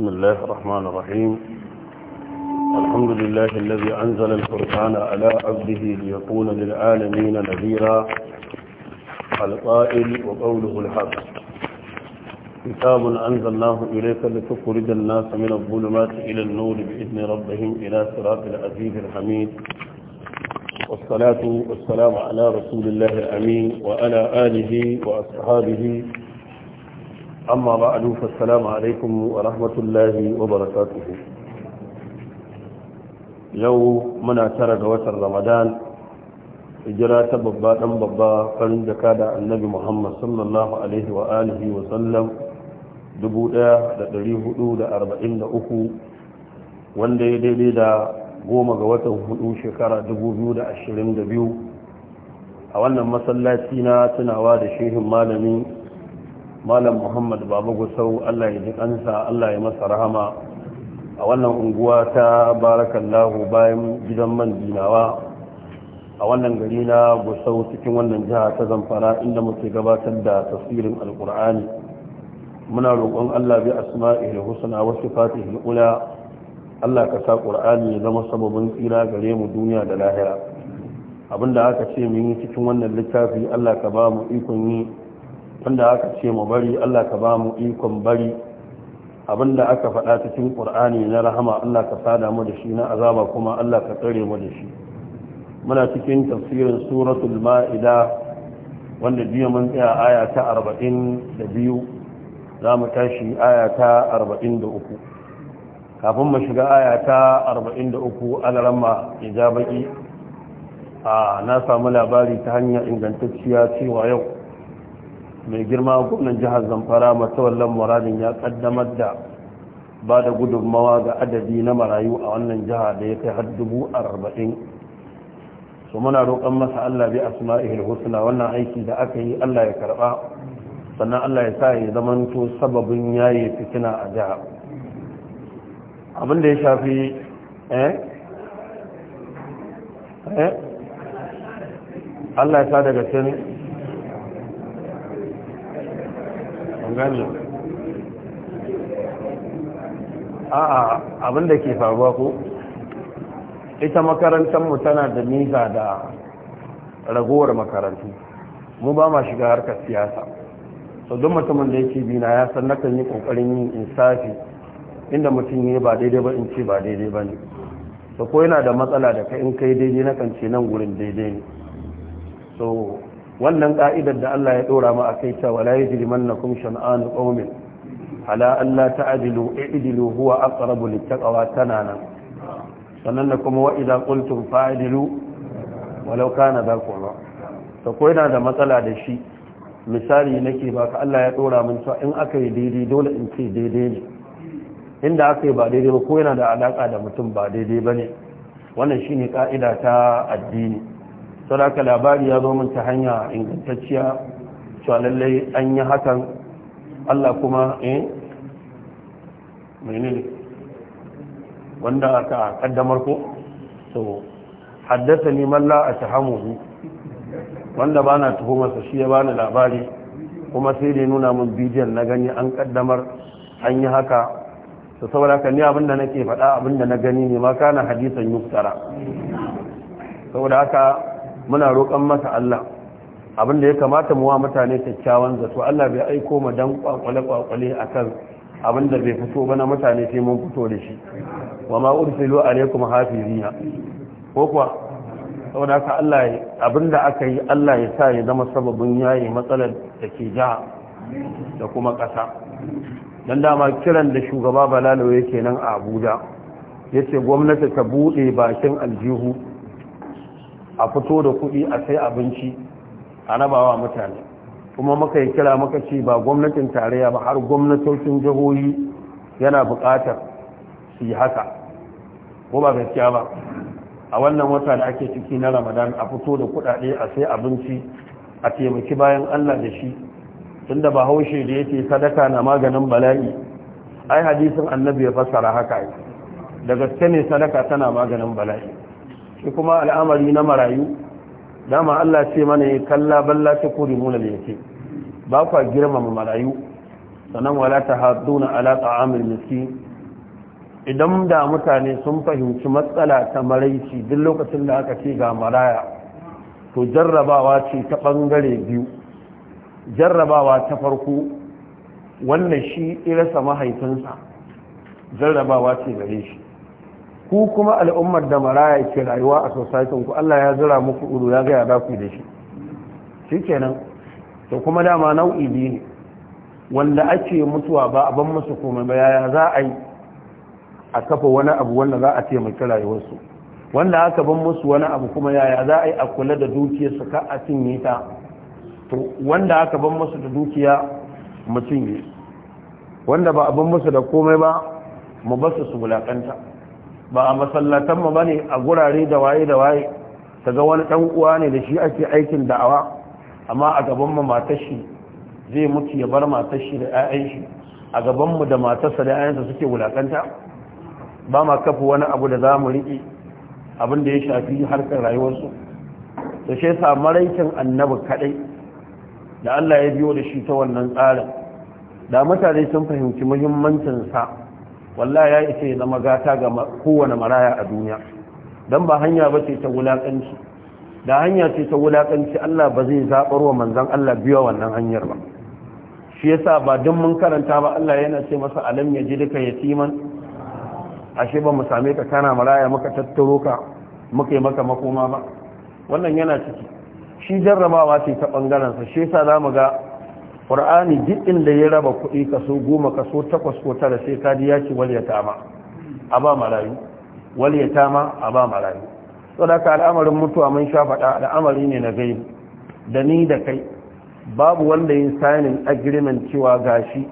بسم الله الرحمن الرحيم الحمد لله الذي أنزل القرآن على عبده ليكون للعالمين نذيرا القائل وقوله الحق كتاب أنزلناه إليك لتخرج الناس من الظلمات إلى النور بإذن ربهم إلى صراط العزيز الحميد والصلاة والسلام على رسول الله الأمين وعلى آله وأصحابه أما بعد a عليكم ورحمة الله وبركاته يو منا ترى وتر رمضان إجراء تببا تنببا قرن دكادة babba محمد صلى الله عليه وآله وسلم dubu ɗaya da ɗari hudu da arba'in da uku wanda ya daidai da goma ga watan hudu shekara dubu biyu da ashirin da biyu a wannan masallaci na tunawa da shehin malami. malam Muhammadu baba gusau allah ya ji kansa allah ya masa rahama a wannan unguwa ta barakallahu bayan gidan man dinawa a wannan gari na gusau cikin wannan jiha ta zamfara inda muke gabatar da tafsirin alkur'ani muna roƙon allah bi asma'il husna wasu sifatihil ula allah ka sa ƙur'ani ya zama sababin tsira gare mu duniya da lahira abinda aka ce mu yi cikin wannan littafi allah ka ba mu ikon yi wanda aka ce mu bari Allah ka ba mu ikon bari abinda aka faɗa cikin ƙur'ani na rahama Allah ka sada mu da shi na azaba kuma Allah ka tsare mu da shi muna cikin tafsirin suratul ma'ida wanda biyu mun tsaya aya ta arba'in da biyu za mu tashi aya ta arba'in da uku kafin mu shiga aya ta arba'in da uku ijabaki a na samu labari ta hanyar ingantacciya cewa yau mai girma gwamnan jihar zamfara matawallan muradin ya kaddamar da ba da gudunmawa ga adadi na marayu a wannan jiha da ya kai har dubu arba'in su muna roƙon masa allah bi asma'ihil husna wannan aiki da aka yi allah ya karɓa sannan allah ya sa ya to sababin yayi fitina a jiha abin da ya shafi eh eh allah ya sa daga cikin gani a'a abinda ke faruwa ko ita makarantarmu tana da nisa da ragowar makarantu mu ba ma shiga harkar siyasa so don mutumin da yake bina ya san nakan yi kokarin yin insafi inda mutum yi ba daidai ba in ce ba daidai ba ne so ko yana da matsala da ka in kai daidai na kan ce nan wurin daidai ne so wannan ka'idar da Allah ya dora mu akai ta wala yajrimannakum shan'anu qaumin ala an la ta'dilu i'dilu huwa aqrabu littaqwa nan sannan kuma wa idza qultum fa'dilu walau kana dha qurba to ko yana da matsala da shi misali nake baka Allah ya dora mun cewa in aka yi daidai dole in ce daidai ne inda aka yi ba daidai ba ko yana da alaka da mutum ba daidai bane wannan shine ka'ida ta addini aka labari ya zo min ta hanya ingantacciya cewa lallai an yi hakan Allah kuma eh ne wanda aka kaddamar ko to haddasa ni malla a ni wanda bana tuhumarsa shi ya bani labari kuma sai dai nuna mun bidiyon na gani an kaddamar an yi haka to saboda ka ni abinda nake faɗa abinda na gani ne ma kana hadisan yuktara saboda haka muna roƙon masa Allah abinda ya kamata mu wa mutane kyakkyawan zato Allah bai aiko mu dan kwakwale kwakwale akan abin da bai fito ba na mutane sai mun fito da shi wa ma ursilu alaikum hafiziya ko kuwa saboda ka Allah abin da aka yi Allah ya sa ya zama sababin yayi matsalar da ke jiha da kuma ƙasa dan dama kiran da shugaba Balalo yake nan a Abuja yace gwamnati ta bude bakin aljihu a fito da kuɗi a sai abinci a rabawa mutane kuma muka yi kira muka ce ba gwamnatin tarayya ba har gwamnatocin jihohi yana buƙatar su yi haka ko ba gaskiya ba a wannan wata da ake ciki na ramadan a fito da kuɗaɗe a sai abinci a taimaki bayan allah da shi tunda ba haushe da yake sadaka na maganin bala'i ai hadisin annabi ya fassara haka da gaske ne sadaka tana maganin bala'i shi kuma al'amari na marayu dama Allah ce mana ya kalla balla ta kuri muna da yake ba kwa girmama marayu sannan wala ta haduna ala ta'amil miski idan da mutane sun fahimci matsala ta maraici duk lokacin da aka ce ga maraya to jarrabawa ce ta bangare biyu jarrabawa ta farko wannan shi irasa mahaifinsa jarrabawa ce gare shi ku kuma al'ummar da maraya ke rayuwa a sosaitin ku Allah ya zira muku uru ya gaya za ku da shi shi kenan to kuma dama nau'i biyu ne wanda ake mutuwa ba a ban musu komai ba yaya za a yi a kafa wani abu wanda za a taimaki rayuwarsu wanda aka ban musu wani abu kuma yaya za a yi a kula da dukiyarsu ka a cinye ta to wanda aka ban musu da dukiya mutum cinye wanda ba a ban musu da komai ba mu basu su wulakanta ba a masallatanmu ba ne a gurare da waye da waye ta ga wani ɗan uwa ne da shi ake aikin da'awa amma a gabanmu matashi zai mutu ya bar matashi da 'ya'yan shi a gabanmu da matarsa da 'ya'yansa suke wulakanta ba ma kafa wani abu da za mu riƙe abin da ya shafi harkar rayuwarsu da shi sa maraikin annabi kaɗai da Allah ya biyo da shi ta wannan tsarin da mutane sun fahimci muhimmancinsa wallahi ya yi ya zama gata ga kowane maraya a duniya don ba hanya ba ce ta wulaƙanci da hanya ce ta wulaƙanci Allah ba zai zaɓar wa manzon Allah biya wannan hanyar ba shi yasa ba duk mun karanta ba Allah yana ce masa alam ya ji duka ya timan ashe ba mu same ka kana maraya muka tattaro ka muka yi maka makoma ba wannan yana ciki shi jarrabawa ce ta ɓangaren sa shi yasa mu ga ƙur'ani duk inda ya raba kuɗi kaso goma kaso takwas ko tara sai kaji ya ce wal yatama a ba marayu wal yatama a ba marayu da ka al'amarin mutuwa mun sha faɗa al'amari ne na gaibi da ni da kai babu wanda yin signing agreement cewa gashi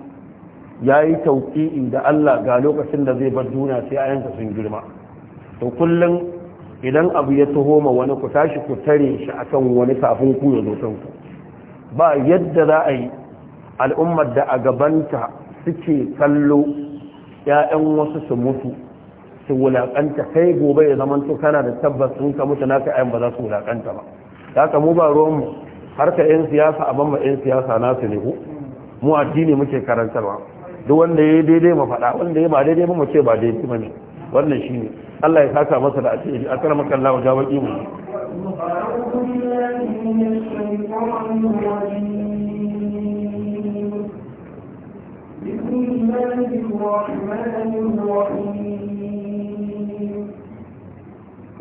ya yi tauƙi'i da Allah ga lokacin da zai bar duniya sai ayanka sun girma to kullum idan abu ya taho ma wani ku tashi ku tare shi akan wani safin ku ya zo ku ba yadda za a yi al'ummar da a gabanta suke kallo ‘ya'yan wasu su mutu su wulaƙanta kai gobe ya zama to kana da tabbas sun ka mutu naka ‘ya'yan ba za su wulaƙanta ba ta ka mu ba ruwanmu har ka ‘yan siyasa a banba ‘yan siyasa nasu ne ku mu addini muke karantarwa duk wanda ya daidai ma faɗa wanda ya ba daidai ba mu ce ba daidai ba ne wannan shi ne Allah ya saka masa da ake a kan makan lawa jawaki mu الله الرحمن الرحيم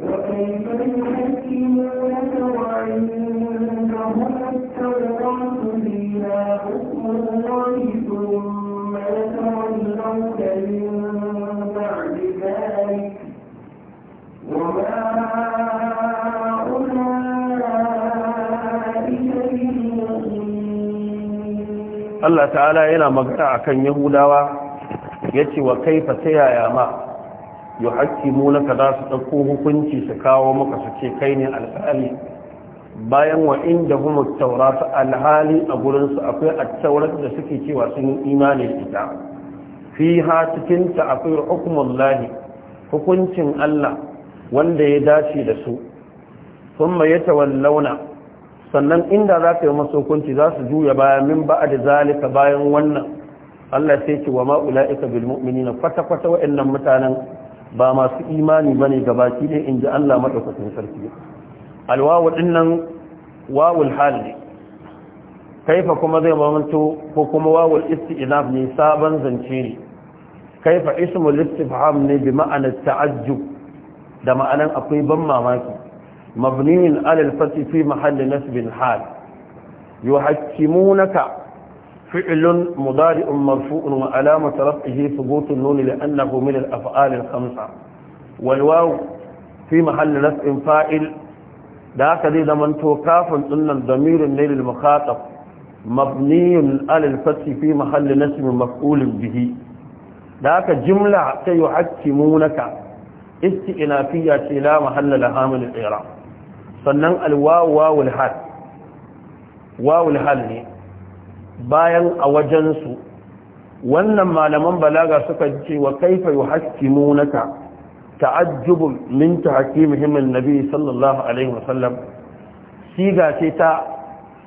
وكيف يحكمونك وعندهم التوراة فيها حكم الله ثم يتولون من بعد ذلك وما Allah ta'ala yana magana kan yahudawa ce wa kaifa yaya ma ka za su dauko hukunci su kawo maka su ce kai ne alƙali bayan wa inda hum at alhali a gurin su akwai at da suke cewa sun imani ita fiha cikin ta akwai lahi, hukuncin Allah wanda ya dace da su kuma ya launa. sannan inda za ka yi masu hukunci za su juya bayan min ba da zalika bayan wannan Allah sai ce wa ma'ula'ika bil mu'minina kwata-kwata wa'annan mutanen ba masu imani bane gabaki ne in ji Allah madaukakin sarki alwawu dinnan wawul hal ne kaifa kuma zai mamanto ko kuma wawul isti'naf ne sabon zance ne kaifa ismul istifham ne bi ma'anar ta'ajjub da ma'anar akwai ban mamaki مبني على الفتح في محل نسب حال يحكمونك فعل مضارع مرفوع وعلامة رفعه ثبوت النون لأنه من الأفعال الخمسة والواو في محل نسب فائل ذاك دي من توقاف أن الضمير النيل المخاطب مبني على الفتح في محل نسب مفعول به ذاك جملة يحكمونك استئنافية لا محل لها من الإعراب sannan alwawu wawul hal wawul hal ne bayan a wajensu wannan malaman balaga suka ce wa kaifa naka ta'ajjubun min tahkimihim annabi sallallahu alaihi wasallam siga ce ta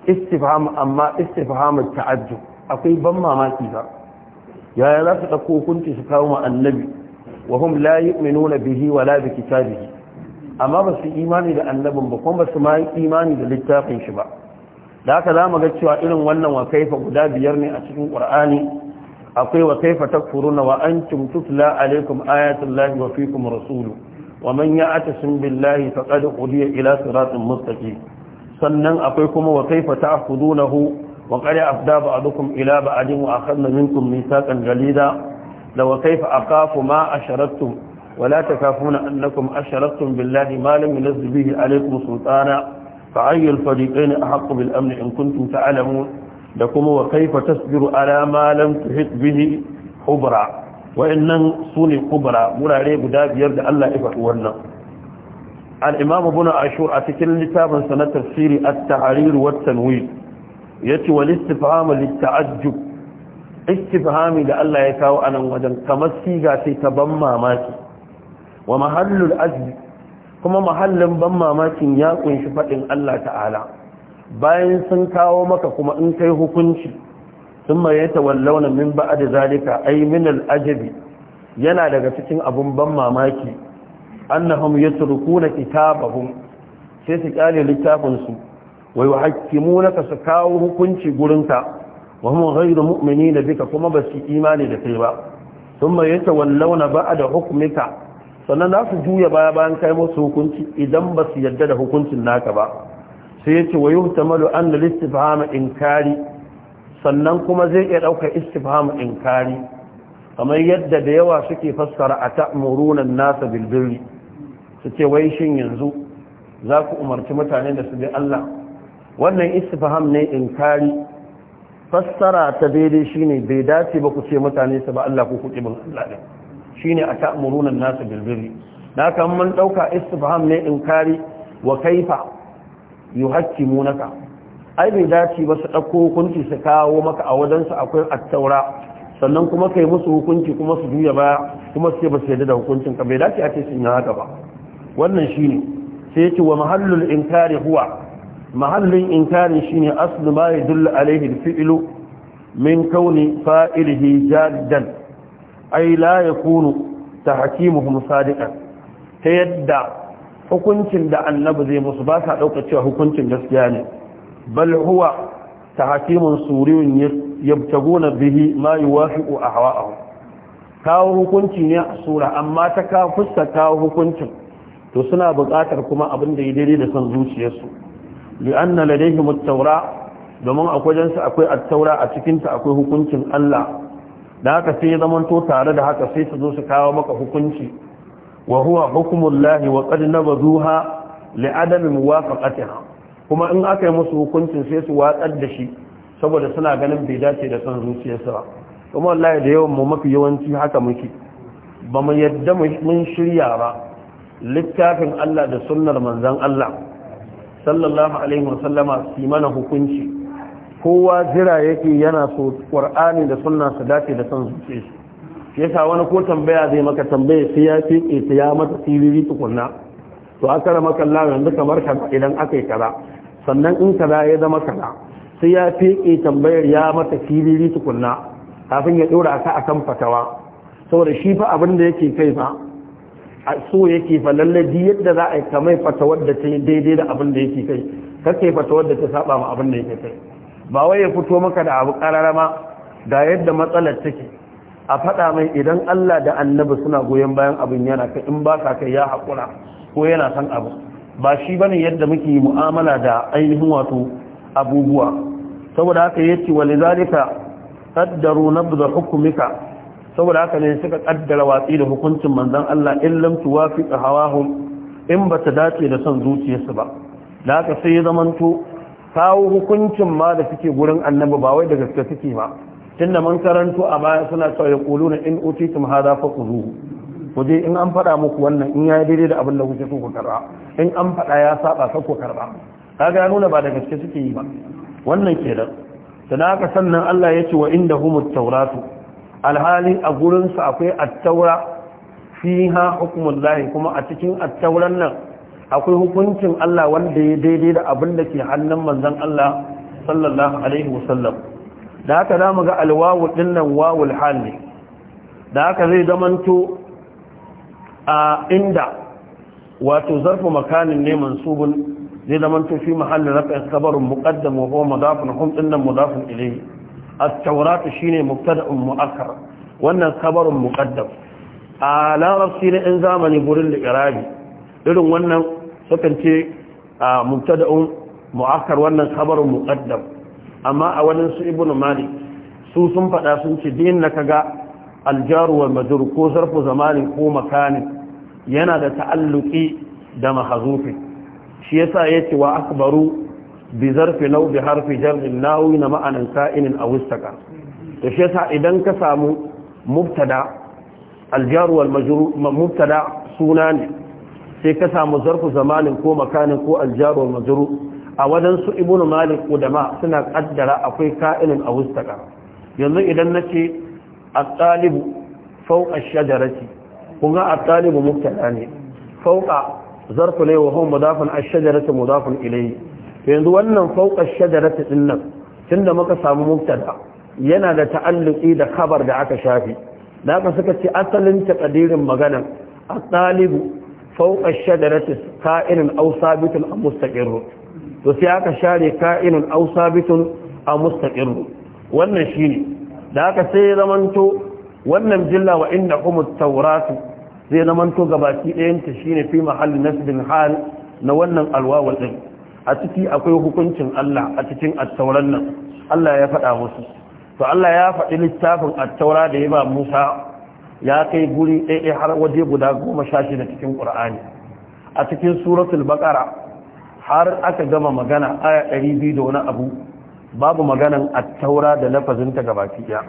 istifham amma istifhamut ta'ajjub akwai ban mamaki ba yaya za su dauko hukunci su kawo annabi wa hum la yu'minuna bihi wala bi kitabihi amma ba su imani da annabin ba kuma ba su ma imani da littafin shi ba da haka za mu ga cewa irin wannan wakaifa guda biyar ne a cikin qur'ani akwai wakaifa ta takfuruna wa antum alaikum ayatullahi wa fikum rasulu wa man ya'tasim billahi faqad qudiya ila siratin mustaqim sannan akwai kuma ta kaifa ta'khudunahu wa a afda ba'dukum ila ba'din wa akhadna minkum mithaqan da wakaifa a kafu ma asharattum ولا تخافون أنكم أشركتم بالله ما لم ينزل به عليكم سلطانا فأي الفريقين أحق بالأمن إن كنتم تعلمون لكم وكيف تصبر على ما لم تحط به خبرا وإن صوني خبرا مرا عليه قداب يرد الله إفعورنا الإمام ابن عاشور أتكلم لتابا سنة تفسير التعرير والتنوير يتي والاستفهام للتعجب استفهامي لألا يتاو أنا وجن كما السيغة تتبمى ماكي wa mahallul azbi kuma mahallin ban mamakin ya kunshi faɗin Allah ta'ala bayan sun kawo maka kuma in kai hukunci sun mai ta wallauna min ba da zalika ai min ajabi, yana daga cikin abun ban mamaki annahum yatrukuna kitabahum sai su kyale littafin su wa ka su kawo hukunci gurinka wa mun ghayru mu'minina bika kuma basu imani da kai ba sun mai ta wallauna ba da hukumika sannan za su juya baya bayan kai musu hukunci idan ba su yarda da hukuncin naka ba sai yace wa yuhtamalu an al-istifham inkari sannan kuma zai iya ɗauka istifham inkari kamar yadda da yawa suke fassara a ta'muruna nasa bil su ce wai shin yanzu za ku umarci mutane da su bi Allah wannan istifham ne inkari fassara ta daidai shine bai dace ba ku ce mutane su ba Allah ko ku kibin Allah ne shine a ta'muruna nasu bil na da kan mun ɗauka istifham ne inkari wa kaifa munaka ai bai dace ba su dauko hukunci su kawo maka a wajen su akwai at-taura sannan kuma kai musu hukunci kuma su juya baya kuma su ce ba su yarda da hukuncin ka bai dace a ce su yi haka ba wannan shine sai yace wa mahallul inkari huwa mahallin inkari shine aslu ma dulla alaihi al-fi'lu min kauni fa'ilihi jaddan ai la Hakimu tahkimuhum sadiqan ta yadda hukuncin da annabi zai musu ba sa dauka cewa hukuncin gaskiya ne bal huwa tahkimun suriyun yabtaguna bihi ma yuwafiqu hawa kawo hukunci ne a sura amma ta ka fuska kawo hukuncin to suna buƙatar kuma abin da ya daidai da son zuciyarsu li ladayhim at-taura domin akwai akwai at-taura a cikin ta akwai hukuncin Allah da haka sai zamanto tare da haka sai su zo su kawo maka hukunci wa huwa hukumullahi wa qad nabazuha li adami muwafaqatiha kuma in aka yi musu hukuncin sai su watsar da shi saboda suna ganin bai dace da son zuciyarsa ba kuma wallahi da yawan mu mafi yawanci haka muke ba mu yadda mun shirya ba littafin Allah da sunnar manzon Allah sallallahu alaihi wasallama su mana hukunci kowa jira yake yana so ƙwar'ani da sunna su dace da san zuce su sa wani ko tambaya zai maka tambaya sai ya fiƙe ta ya mata tiriri tukunna to aka rama kalla yanzu kamar kaza idan aka yi kaza sannan in kaza ya zama kaza sai ya ƙe tambayar ya mata tiriri tukunna kafin ya ɗora ka kan fatawa saboda shi fa abin da yake kai fa a so yake fa lallai yadda za a yi kamai fatawar da ta daidai da abin da yake kai kake fatawar da ta saba ma abin da yake kai ba wai ya fito maka da abu kararama da yadda matsalar take a faɗa mai idan Allah da annabi suna goyon bayan abin yana kai in ba ka kai ya haƙura ko yana san abu ba shi bane yadda muke mu'amala da ainihin wato abubuwa saboda haka yace walizalika qaddaru nabdha hukmika saboda haka ne suka kaddara watsi da hukuncin manzon Allah in lam tuwafiq hawahum in ba ta dace da son zuciyarsu ba da haka sai ya zamanto kawo hukuncin ma da suke gurin annabi ba wai da gaske suke ba tunda mun karanto a baya suna cewa na in utitum fa faquduhu ku je in an faɗa muku wannan in ya daidai da abin da kuke so ku karba in an faɗa ya saba sai ku karba kaga nuna ba da gaske suke yi ba wannan kenan dan haka sannan Allah ya ce wa indahumut tawratu alhali a gurin su akwai at-taura fiha hukmullahi kuma a cikin at-tauran nan akwai hukuncin Allah wanda ya daidai da abin da ke hannun manzon Allah sallallahu alaihi wasallam da haka za mu ga alwawu dinnan wawul hali ne da haka zai zamanto a inda wato zarfu makanin ne mansubun zai zamanto fi mahallin rafin kabarin muqaddam wa huwa mudafun hum dinnan mudafun ilayhi at-tawrat shine mubtada'un mu'akkar wannan kabarin muqaddam a larabci ne in zamani gurin liqrabi irin wannan sukan a mubtada'un mu'akkar wannan khabarun muqaddam amma a wannan su ibnu malik su sun faɗa sun ce din na kaga aljaru wal majrur ko zarfu zamani ko makani yana da ta'alluqi da mahzufi shi yasa yace wa akbaru bi zarfi law bi harfi jar'in nawi na ma'anan ka'inin aw istaka to shi yasa idan ka samu mubtada aljaru wal majrur mubtada suna sai ka samu zarfu zamanin ko makanin ko aljabar majuru a wajen su ibnu malik udama suna kaddara akwai ka'ilin a wustaka yanzu idan nace at-talibu fawqa ash-shajarati kuma a talibu mubtada ne Fauƙa zarfu ne wa huwa mudafun ash-shajarati mudafun ilayhi yanzu wannan fauƙa ash-shajarati din nan tunda muka samu mubtada yana da ta'alluqi da khabar da aka shafi da aka suka ce asalin taqdirin maganan a talibu fauka shadarati ka'inun aw sabitun am mustaqirr to sai aka share ka'inun aw sabitun am mustaqirr wannan shine da aka sai zamanto wannan jilla wa innakum at-tauratu zai zamanto gabaki ɗayan ta shine fi mahalli nasbin hal na wannan alwawul din a ciki akwai hukuncin Allah a cikin at Allah ya faɗa musu to Allah ya faɗi littafin attaura da ya ba Musa ya kai guri ɗaya har waje guda goma sha da cikin kur'ani a cikin suratul baƙara har aka gama magana aya ɗari biyu da wani abu babu maganan taura da lafazinta ga baki ɗaya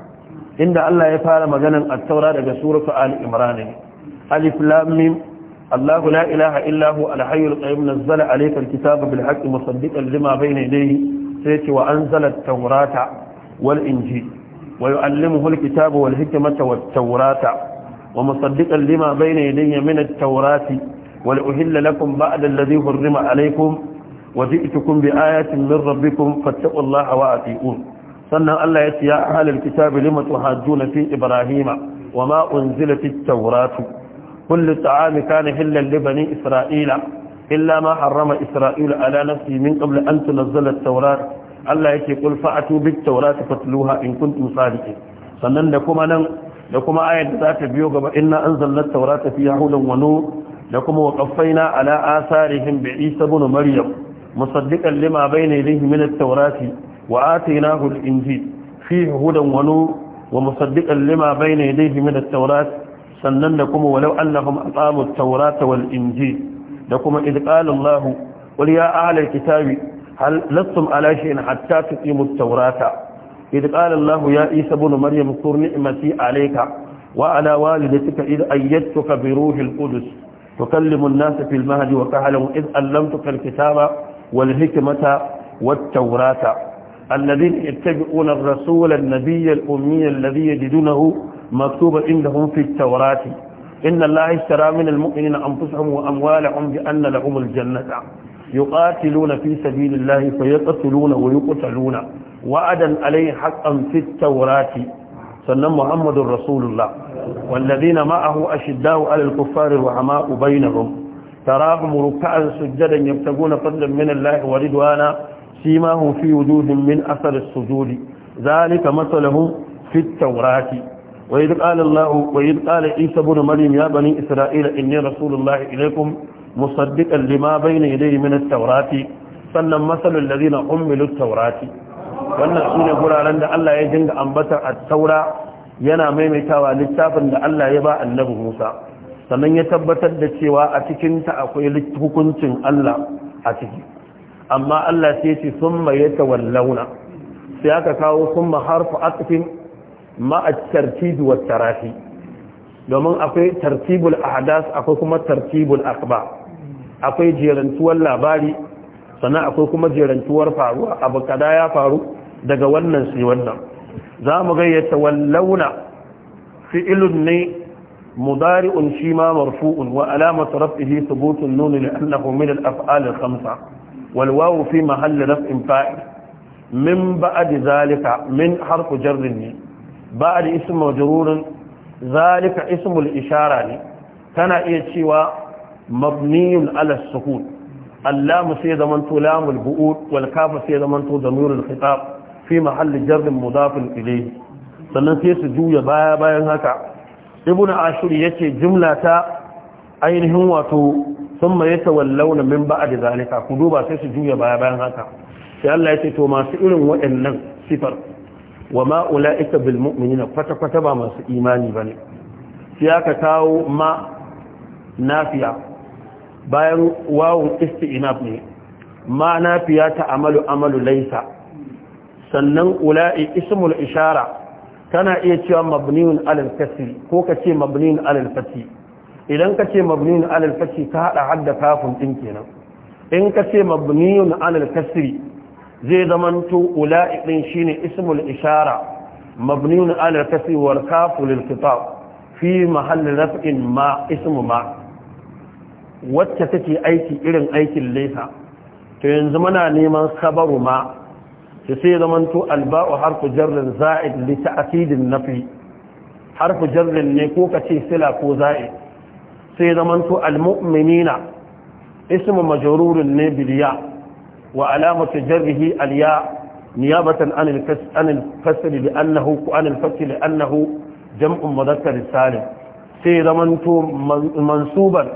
inda Allah ya fara maganan attaura daga suratul ali imran alif ilaha mim الله لا إله إلا هو الحي القيوم نزل عليك الكتاب بالحق مصدقا لما بين يديه سيتي وأنزل wal والإنجيل ويعلمه الكتاب والحكمة والتوراة ومصدقا لما بين يدي من التوراة ولأهل لكم بعد الذي حرم عليكم وجئتكم بآية من ربكم فاتقوا الله وأطيعون صلى الله يتي يا أهل الكتاب لما تحاجون في إبراهيم وما أنزلت التوراة كل طعام كان حلا لبني إسرائيل إلا ما حرم إسرائيل على نفسه من قبل أن تنزل التوراة Allah yake kul fa'atu bit tawrati fatluha in kuntum sadiqin sannan da kuma nan da kuma ayat da za ta biyo gaba inna anzalna tawrata fiha hudan wa nur da kuma wa qaffayna ala asarihim bi isa ibn maryam musaddiqan lima bayna yadayhi min at-tawrati wa atainahu al-injil fihi hudan wa nur wa musaddiqan lima bayna yadayhi min at-tawrati sannan da kuma walau annahum aqamu at-tawrata wal injil da kuma idqala Allah qul ya ahlal kitabi هل لستم على شيء حتى تقيموا التوراة إذ قال الله يا عيسى بن مريم اذكر نعمتي عليك وعلى والدتك إذ أيدتك بروح القدس تكلم الناس في المهد وكهلا إذ علمتك الكتاب والحكمة والتوراة الذين يتبعون الرسول النبي الأمي الذي يجدونه مكتوبا عندهم في التوراة إن الله اشترى من المؤمنين أنفسهم وأموالهم بأن لهم الجنة يقاتلون في سبيل الله فيقتلون ويقتلون وعدا عليه حقا في التوراة سنة محمد رسول الله والذين معه أشداء على الكفار الرحماء بينهم تراهم ركعا سجدا يبتغون فضلا من الله وردوانا سيماهم في وجود من أثر السجود ذلك مثلهم في التوراة وإذ قال الله وإذ قال عيسى بن مريم يا بني إسرائيل إني رسول الله إليكم musaddiqan lima bayna yadayhi min taurati sannan masalul da zina at-taurati wannan ne guraren da Allah ya jinga ambatar a taura yana maimaitawa littafin da Allah ya ba annabi Musa sannan ya tabbatar da cewa a cikin ta akwai hukuncin Allah a ciki amma Allah sai ya ce ta wallauna sai aka kawo summa harfa atfin ma'a tartibi wa tarafi domin akwai tartibul ahdas akwai kuma tartibul akba akwai jerantuwar labari sannan akwai kuma jerantuwar faruwa abu kada ya faru daga wannan sai wannan za mu gayyata wallauna fi'ilun ne mudari'un shi ma marfu'un wa alamatu raf'ihi thubutun nun li annahu min al-af'al al-khamsa wal wawu fi mahall raf'in fa'il min ba'd zalika min harfu jarr ne ba'd ism majrur zalika ismul ishara ne kana iya cewa mabniyun ala sukun allamu sai zamanto lamul bu'ud wal kafa sai zamanto damirul khitab fi mahalli jarrin muzafin ilayhi sannan sai su juya baya bayan haka ibnu ashur yace jumla ta ainihin wato thumma yatawallawna min a zalika ku duba sai su juya baya bayan haka sai Allah yace to masu irin waɗannan sifar wa ma ula'ika bil mu'minina kwata-kwata ba masu imani bane sai aka kawo ma nafiya bayan wawun isti'inaf ne ma nafiya ta amalu amalu laisa sannan ula'i ismul ishara tana iya cewa mabniun alal kasri ko ka ce mabniun alal fati idan ka ce mabniun alal fati ka hada hadda kafin din kenan in ka ce mabniyun alal kasri zai zamanto ula'i din shine ismul ishara mabniun على الكسر والكاف للخطاب fi محل rafin ma ismu ma wacce take aiki irin aikin lesa to yanzu muna neman sabaru ma ta sai zamanto alba'u harfu jarrin za'id li ta'sidin nafi harfu jarrin ne ko ka ce sila ko za'id sai zamanto almu'minina ismu majarurin ne bil wa alamatu jarrihi al ya niyabatan an al kasr an al kasr li annahu an al fath li annahu jam'un mudhakkar salim sai zamanto mansuban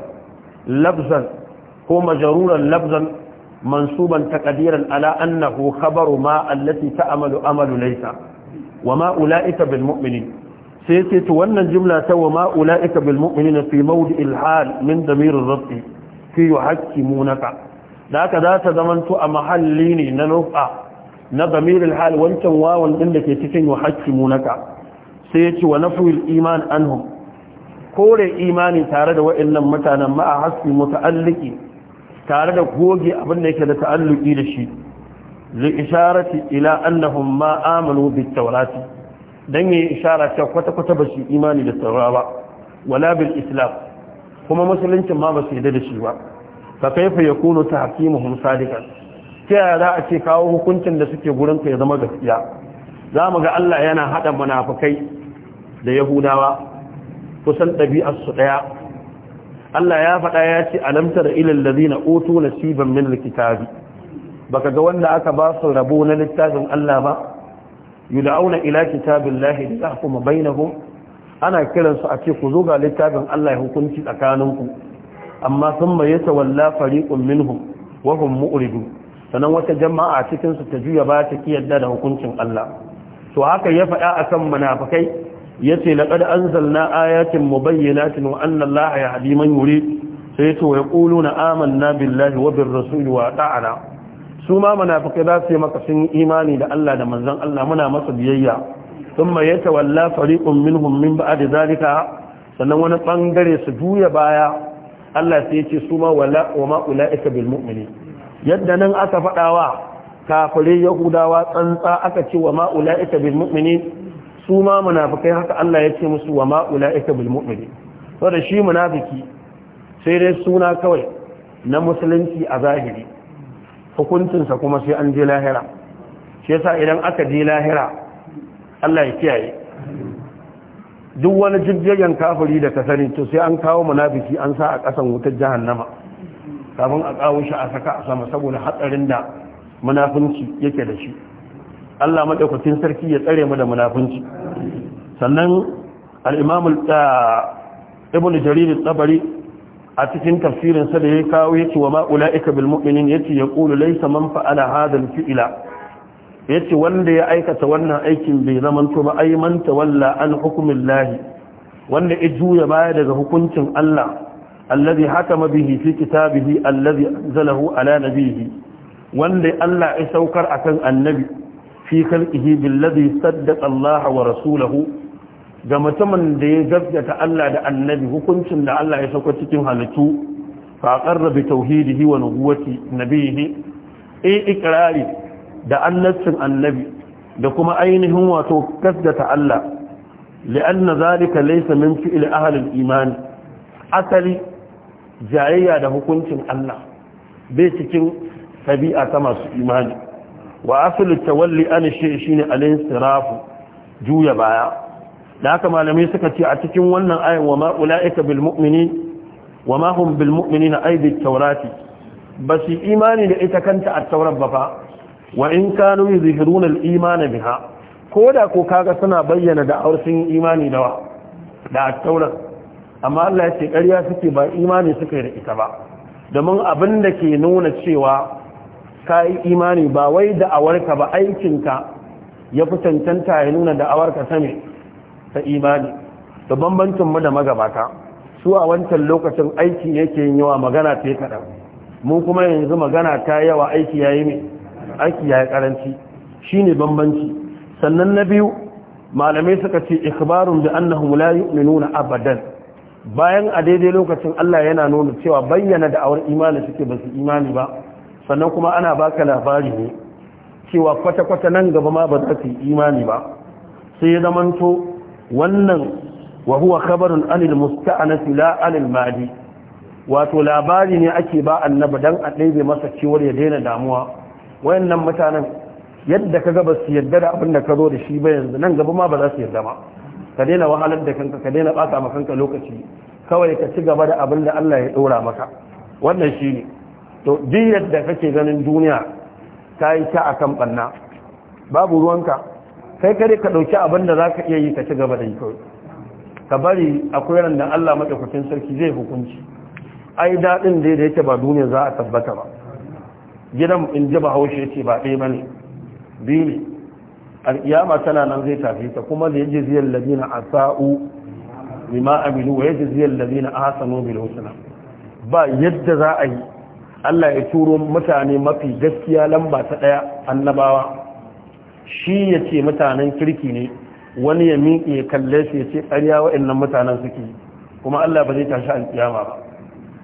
lafzan ko majaruran lafzan mansuban taqdiran ala annahu khabaru ma allati ta'malu amalu laysa wa ma ulaika bil mu'minin sai sai to wannan jumla ta wa ma ulaika bil mu'minina fi mawdi'il hal min damir ar-rabb fi yuhakkimunaka da haka za ta zamanto a mahalli ne na nufa na damirin hal wancan wawan din da ke cikin yuhakkimunaka sai ya ce wa nafil iman anhum kore imani tare da wa'annan mutanen ma'a hasbi muta'alliki tare da goge abin da yake da ta'alluki da shi li isharati ila annahum ma amanu bit tawrati dan yi isharar ta kwata kwata ba shi imani da tawra ba wala bil islam kuma musuluncin ma ba su da shi ba fa kaifa yakunu tahkimuhum sadiqan ta yaya za a ce kawo hukuncin da suke gurin ka ya zama gaskiya za mu ga Allah yana hada munafikai da yahudawa kusan ɗabi'arsu ɗaya Allah ya faɗa ya ce alamtar ilal ladina utu nasiban min alkitabi baka ga wanda aka ba su rabo na littafin Allah ba yud'auna ila kitabillahi litahkuma ku ana kiransu a ce ku zo ga littafin Allah ya hukunci tsakaninku amma sun mai yata walla fariqun minhum wa hum sanan wata jama'a cikin su ta juya ba ta ki da hukuncin Allah to haka ya faɗa akan munafukai Ya ce yace laqad anzalna ayatin mubayyinatin wa anna allaha yahdi man yuri sai to yaquluna amanna billahi wa bir rasuli wa ta'ala su ma munafiqai za su yi maka sun imani da Allah da manzan Allah muna masa biyayya thumma yatawalla fariqun minhum min da zalika sannan wani bangare su juya baya Allah sai ce su ma wala wa ma ulaika bil yadda nan aka faɗawa kafirai yahudawa tsantsa aka ce wa ma ulaika bil su ma munafikai haka Allah ya ce musu wa ma'ula ita bilmu'mini to da shi munafiki sai dai suna kawai na musulunci a zahiri hukuncinsa kuma sai an je lahira shi yasa idan aka je lahira Allah ya kiyaye duk wani jirgin kafiri da kasarin to sai an kawo munafiki an sa a kasan wutar jahannama kafin a kawo shi a saka a sama saboda hatsarin da munafunci yake da shi Allah maɗaukacin sarki ya tsare mu da munafunci sannan al da ah, Ibn jaririn tsabari a cikin tafsirin sa da ya kawo yace wa ma ulaika ya mu'minin yace yaqulu laisa man fa'ala hadha al ya yace wanda ya aikata wannan aikin bai zamanto ba ay man tawalla an lahi wanda ya juya baya daga hukuncin Allah الذي حكم به في كتابه الذي أنزله على نبيه وان الله يسوكر أكن annabi. fi khalqihi billadhi saddaqa Allah wa rasulahu ga mutumin da ya gaggata Allah da annabi hukuncin da Allah ya sauka cikin halittu fa qarra bi tauhidihi wa nubuwati nabihi e ikrari da annabcin annabi da kuma ainihin wato gaskata Allah li'anna zalika laysa min fi'l ahli al-iman asali jayayya da hukuncin Allah bai cikin tabi'a ta masu imani wa asali tawalli an shi shine al sirafu juya baya da haka malamai suka ce a cikin wannan ayin wa ma'ulaika ulaika bil mu'mini wa ma hum bil imani da ita kanta a taurat ba fa wa in kanu yuzhiruna al-iman biha koda ko kaga suna bayyana da aursin imani da da at amma Allah ya ce ƙarya suke ba imani suke da ita ba domin abin da ke nuna cewa ka yi imani ba wai da awarka ba aikinka ya fi cancanta ya nuna da awarka same ta imani da bambancin mu da magabata su a wancan lokacin aiki yake yin yawa magana ta yi kaɗan mun kuma yanzu magana ta yawa aiki ya yi aiki ya yi karanci shi ne bambanci sannan na biyu malamai suka ce ikibarun da annahum la nuna abadan bayan a daidai lokacin Allah yana nuna cewa bayyana da'awar imani suke ba su imani ba sannan kuma ana baka labari ne cewa kwata-kwata nan gaba ma ba za su yi imani ba sai ya zamanto wannan wa huwa khabarun anil musta'anati la anil madi wato labari ne ake ba annaba dan a ɗebe masa cewar ya daina damuwa wayannan mutanen yadda ka gaba su yadda da abin da ka zo da shi ba yanzu nan gaba ma ba za su yadda ba ka daina wahalar da kanka ka daina ɓata ma kanka lokaci kawai ka ci gaba da abin da Allah ya ɗora maka wannan shi to duk yadda kake ganin duniya ta yi ta a kan ɓanna, babu ruwanka kai kare ka ɗauki abin da ka iya yi ka ci gaba da yi kawai ka bari akwai ran da Allah madaukakin sarki zai hukunci ai daɗin da yake ba duniya za a tabbata ba gidan in ji bahaushe ce ba ɗaya ne. biyu ne al'iyama tana nan zai tafi ta kuma da yaji ziyar a sa'u bima amilu wa yaji ziyar ladina a hasanu husna ba yadda za a yi Allah ya turo mutane mafi gaskiya lamba ta ɗaya annabawa shi ya ce mutanen kirki ne wani ya miƙe ya kalle shi ya ce ƙarya waɗannan mutanen suke kuma Allah ba zai tashi alƙiyama ba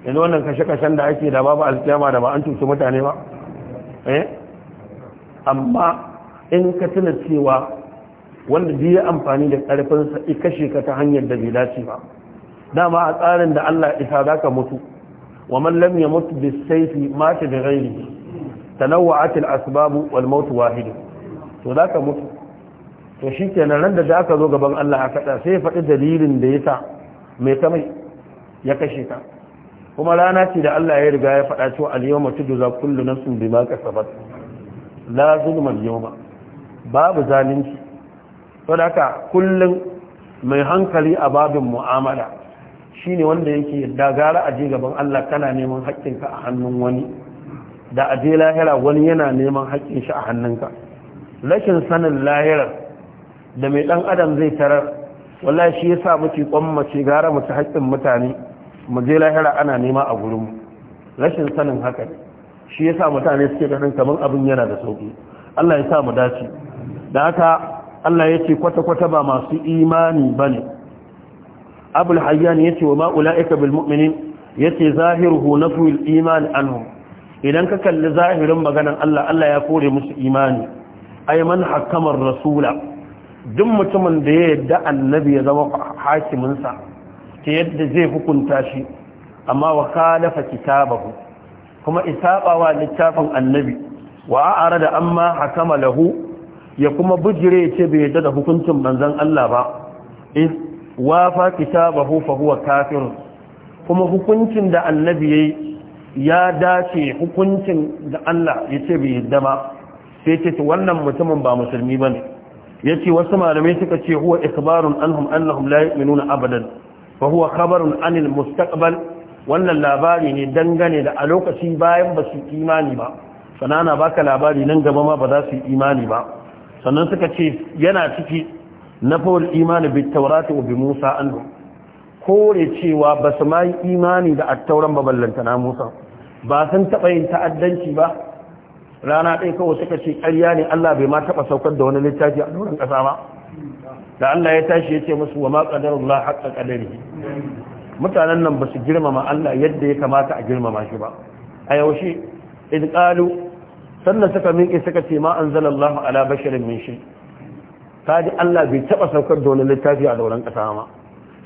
yanzu wannan kashe-kashen da ake da babu alƙiyama da ba an cuci mutane ba eh amma in ka tuna cewa wanda ji amfani da ƙarfinsa ya kashe ka ta hanyar da bai dace ba dama a tsarin da Allah isa zaka mutu ومن لم يمت بالسيف مات بغيره تنوعت الاسباب والموت واحد to zaka mutu to shikenan ran da zaka zo gaban Allah a kada sai faɗi dalilin da yasa mai ta mai ya kashe ka kuma rana ce da Allah ya riga ya faɗa cewa al yawma tujza kullu nafsin bima kasabat la zulma al yawma babu zalunci to haka kullun mai hankali a babin mu'amala Shi ne wanda yake da gara aje gaban Allah kana neman haƙƙinka a hannun wani da aje lahira wani yana neman haƙƙin shi a hannunka rashin sanin lahirar da mai ɗan adam zai tarar wallah shi ya sa muke mace, gara mu haƙƙin mutane mu je lahira ana nema a gurinmu rashin sanin haka shi ya sa mutane suke ganin kamar abin yana da sauki Allah ya sa mu dace da haka Allah ya ce kwata-kwata ba masu imani bane abul hayyan ce wa ma ulaika ce zahiru yace zahiruhu nafyul an hu. idan ka kalli zahirin maganar Allah Allah ya kore musu imani ay man rasula duk mutumin da ya yadda annabi ya zama hakiminsa sa ta yadda zai hukunta shi amma wa khalafa kitabahu kuma isabawa littafin annabi wa arada amma hakama lahu ya kuma bujire ce bai yadda da hukuncin manzon Allah ba wafa kitabahu fa huwa kafir kuma hukuncin da annabi yayi ya dace hukuncin da Allah yace bai yadda ba sai ce wannan mutumin ba musulmi bane yace wasu malamai suka ce huwa ikbarun anhum annahum la yu'minuna abadan fa huwa khabarun anil mustaqbal wannan labari ne dangane da a lokaci bayan ba su imani ba sanana baka labari nan gaba ma ba za su imani ba sannan suka ce yana ciki nafawar imani bi taurati wa bi musa anhu kore cewa ba su ma yi imani da attauran baballanta na musa ba sun taɓa yin ta'addanci ba rana ɗaya kawai suka ce ƙarya ne allah bai ma taɓa saukar da wani littafi a doron ƙasa ba da allah ya tashi ya ce musu wa ma ƙadarullah haƙƙa ƙadari mutanen nan ba su girmama allah yadda ya kamata a girmama shi ba a yaushe idh qalu sannan suka minke suka ce ma Allahu ala basharin min shi ta ji Allah bai taɓa saukar da wani littafi a dauran ƙasa ma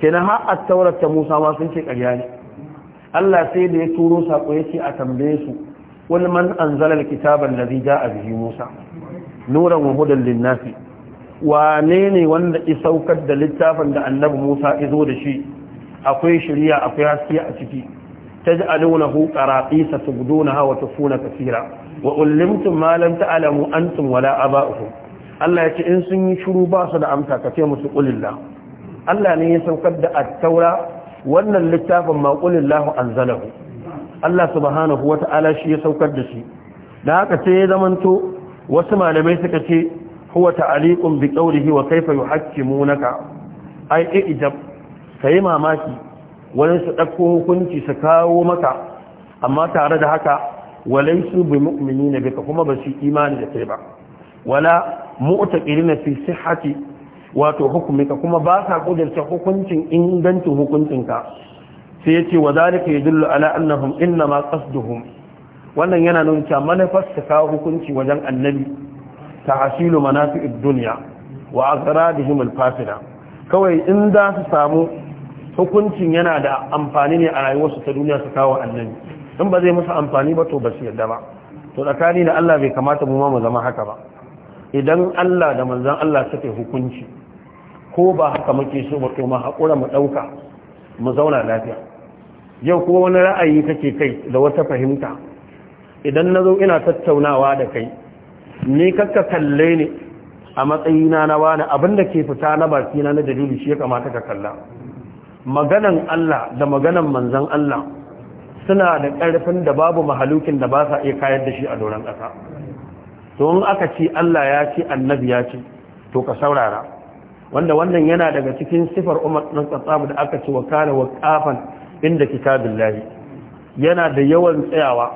kenan har a taurar ta Musa ma sun ce ƙarya ne Allah sai da ya turo saƙo ya ce a tambaye su wani man anzalar kitaban da zai ja a biyu Musa nuran wa hudan linnafi wane ne wanda ya saukar da littafin da annabi Musa ya zo da shi akwai shirya akwai haske a ciki ta قراطيس تبدونها Wa كثيرا malam ta alamu an tun wala أباؤكم Allah ya ce in sun yi shiru ba su da amsa ka ce musu qulillah Allah ne ya saukar da attaura wannan littafin ma qulillahu anzalahu Allah subhanahu wata'ala shi ya saukar da shi da haka sai ya zamanto wasu malamai suka ce huwa ta'aliqun bi qawlihi wa kayfa yuhakkimunaka ai ijab kai mamaki wani su dauko hukunci su kawo maka amma tare da haka walaisu bi mu'minina bika kuma ba su imani da kai ba wala mu'taqirina fi sihhati wato hukumika kuma ba sa hukuncin ingancin hukuncinka sai yace wa zalika yadullu ala annahum inna qasduhum wannan yana nuna cewa manufar su kawo hukunci wajen annabi tahsilu manafi'id dunya wa azradihim al kawai in za su samu hukuncin yana da amfani ne a rayuwarsu ta duniya su kawo annabi in ba zai musu amfani ba to ba su ba to tsakani da Allah bai kamata mu ma mu zama haka ba idan Allah da manzan Allah suka hukunci ko ba haka muke so ba to mu haƙura mu ɗauka mu zauna lafiya yau ko wani ra'ayi kake kai da wata fahimta idan na zo ina tattaunawa da kai ni kakka kalle ni a matsayina na wani abinda da ke fita na basina na dalili shi ya kamata ka kalla maganan Allah da maganan manzan Allah suna da ƙarfin da babu mahalukin da ba sa iya kayar da shi a doron ƙasa to in aka ci Allah ya ce annabi ya ce to ka saurara wanda wannan yana daga cikin sifar Umar ɗan Khattab da aka ce wa kana waqafan inda kitabillahi yana da yawan tsayawa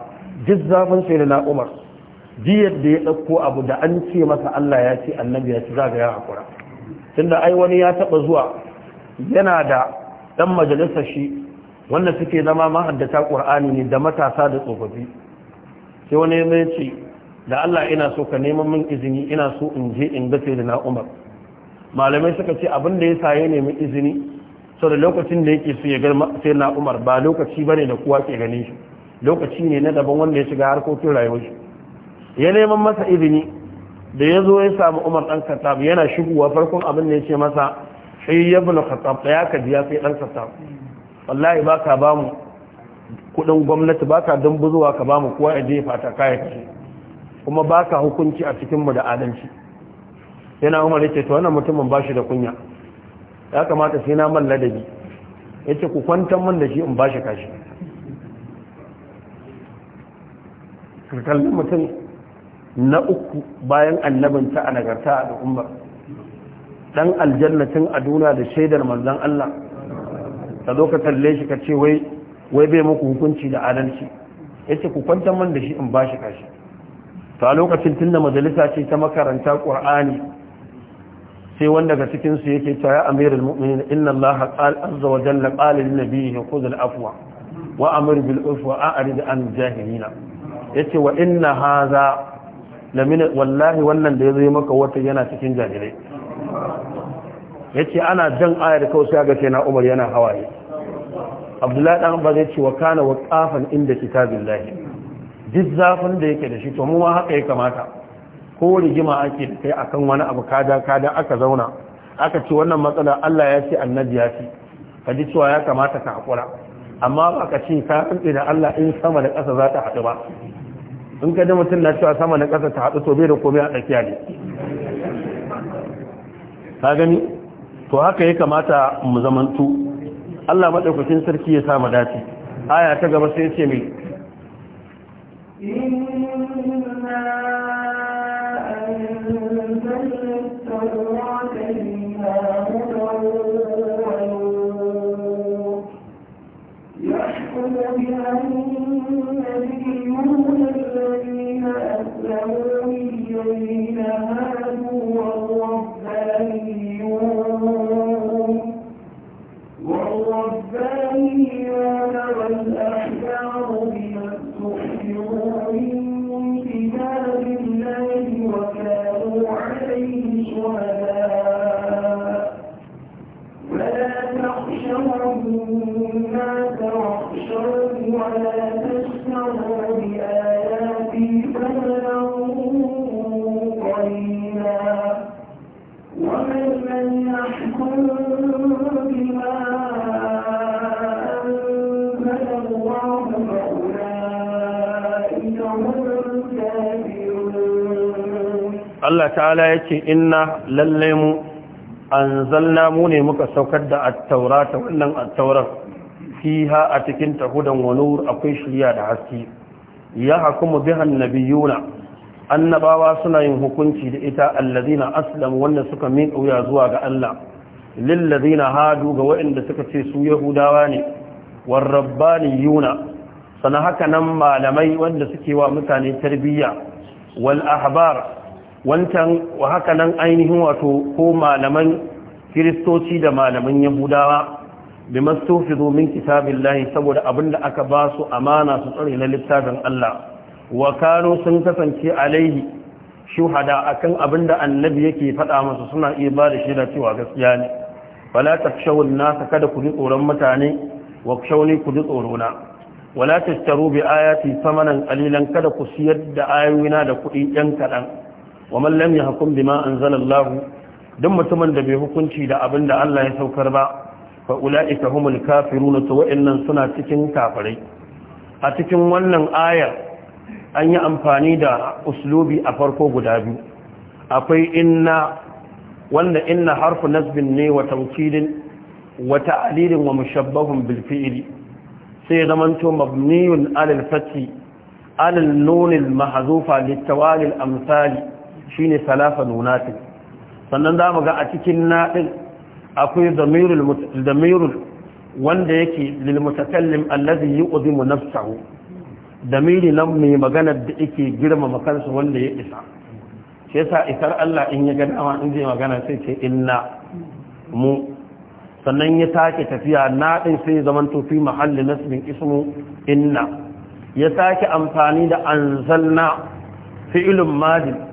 duk zafin sai na Umar diyar da ya dauko abu da an ce masa Allah ya ce annabi ya ce za ga ya hakura tunda ai wani ya taɓa zuwa yana da ɗan majalisar shi wanda suke zama mahaddata Qur'ani ne da matasa da tsofaffi sai wani ya ce da Allah ina so ka neman min izini ina so in je in ga na Umar malamai suka ce abin da ya sa ya nemi izini so da lokacin da yake so ya ga sai na Umar ba lokaci bane da kowa ke gane shi lokaci ne na daban wanda ya shiga harkokin rayuwar shi ya neman masa izini da ya zo ya samu Umar dan Khattab yana shigowa farkon abin da ya ce masa sai ya bin Khattab da ya kaji ya sai dan Khattab wallahi baka ba mu kudin gwamnati baka dan buzuwa ka bamu mu kowa ya je fata kai kuma baka hukunci a cikin mu da adalci yana umar yake to wannan mutumin ba shi da kunya ya kamata sai na man ladabi yace ku kwantar man da shi in bashi kashi kalli mutum na uku bayan annabinta a nagarta a al'umma dan aljannatin aduna da shaidar manzon Allah ka zo ka kalle shi ka ce wai wai bai muku hukunci da adalci yace ku kwantar man da shi in bashi kashi to a lokacin tunda majalisa ce ta makaranta qur'ani sai wanda ga cikinsu su yake cewa ya amirul na inna allaha qala azza wa jalla qala lin nabiyhi khudh al afwa wa amir bil a ari da an jahilina ce wa inna na mini wallahi wannan da ya zai maka wata yana cikin jahilai ce ana jan ayar kawai sai ga sai na umar yana hawaye abdullahi ɗan ba zai ce wa kana ƙafan inda Lahi. duk zafin da yake da shi to mu ma haka ya kamata ko rigima ake da kai akan wani abu kada kada aka zauna aka ce wannan matsala Allah ya ce annabi ya ce ka ji cewa ya kamata ka hakura amma ba ka ce ka rantsi da Allah in sama da ƙasa za ta haɗu ba in ka ji mutum na cewa sama da ƙasa ta haɗu to bai da komai a tsakiya ne ka gani to haka ya kamata mu zamantu Allah maɗaukakin sarki ya sa mu dace aya ta gaba sai ya ce mai Em hum. Allah ta'ala ya ce inna lallai mu anzalna mu ne muka saukar da at-taurata wannan at-tauran ha a cikin tahudan wa akwai shiriya da haske ya hukumu biha annabiyuna annabawa suna yin hukunci da ita allazina Aslam wanda suka miƙa wuya zuwa ga Allah lillazina hadu ga waɗanda suka ce su yahudawa ne warabbaniyuna sana haka nan malamai wanda suke wa mutane tarbiyya wal ahbar wancan wa haka nan ainihin wato ko malaman kiristoci da malaman yahudawa bi mastufizu min kitabillahi saboda abinda aka ba su amana su tsare na littafin Allah wa kano sun kasance alaihi shuhada akan abinda annabi yake faɗa masa suna iya ba da shaida cewa gaskiya ne wala takshawun nasa kada ku ji tsoron mutane wa kshawni ku ji tsorona wala tashtaru bi ayati samanan qalilan kada ku siyar da ayoyina da kuɗi ɗan kaɗan wa man lam yahkum bima anzalallahu duk mutumin da bai hukunci da abin da Allah ya saukar ba fa ulaika humul kafirun to wa'annan suna cikin kafirai a cikin wannan ayar an yi amfani da uslubi a farko guda biyu akwai inna wanda inna harfu nasbin ne wa tawkidin wa ta'lilin wa mushabbahun bil fi'li sai zamanto mabniyun alal fati alal nunil mahzufa litawali amsali shine salafa nunatin sannan za mu ga a cikin naɗin akwai damirul wanda yake lilmutakallim allazi yu'zimu nafsahu damiri nan mai magana da yake girmama kansa wanda ya isa shi sa isar Allah in ya ga in zai magana sai ce inna mu sannan ya take tafiya na din sai ya zama to fi mahalli nasbin ismu inna ya take amfani da anzalna fi'ilun majin.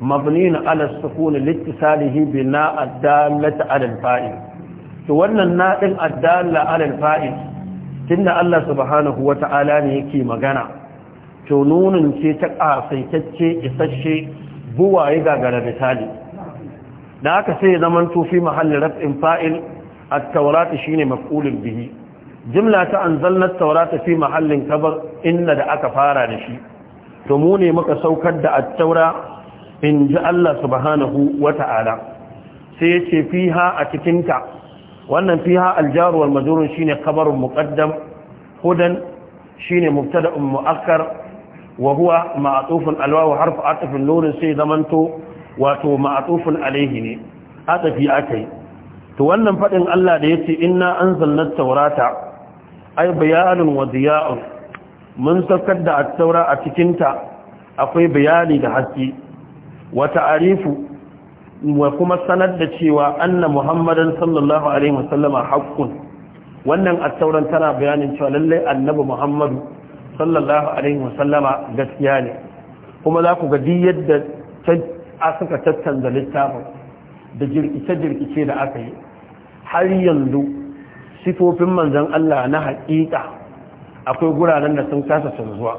مبنين على السكون لاتصاله بناء الدالة على الفائل wannan na din addalla alal fa'il tunda Allah subhanahu wata'ala ne yake magana to nunin ce ta kasaitacce isasshe buwaye gagara misali da aka sai zaman tufi mahallin raf'in fa'il a taurat shine maf'ulun bihi jimla ta anzalna at-taurat fi mahallin kabar inna da aka fara da shi to mu ne muka saukar da at-taura in ji Allah subhanahu wa ta'ala sai ya ce fiha a cikinta wannan fiha aljaruwar majurun shine kabarun muƙaddam hudan shine mubtada'un mu'akkar wa huwa ma'atufun alwawu harfu atufin sai zamanto wato ma'atufun alaihi ne atafi akai to wannan faɗin Allah da yace inna anzalna taurata ay bayanun wa diya'un mun sakar da at-taura a cikinta akwai bayani da haske wa ta'arifu wa kuma sanar da cewa anna muhammadan sallallahu alaihi wasallama haqqun wannan attauran tana bayanin cewa lallai annabi muhammadu sallallahu alaihi wasallama gaskiya ne kuma za ku ga duk yadda a suka tattanza littafin da jirkice-jirkice da aka yi har yanzu sifofin manzan Allah na haƙiƙa akwai guraren da sun kasa canzuwa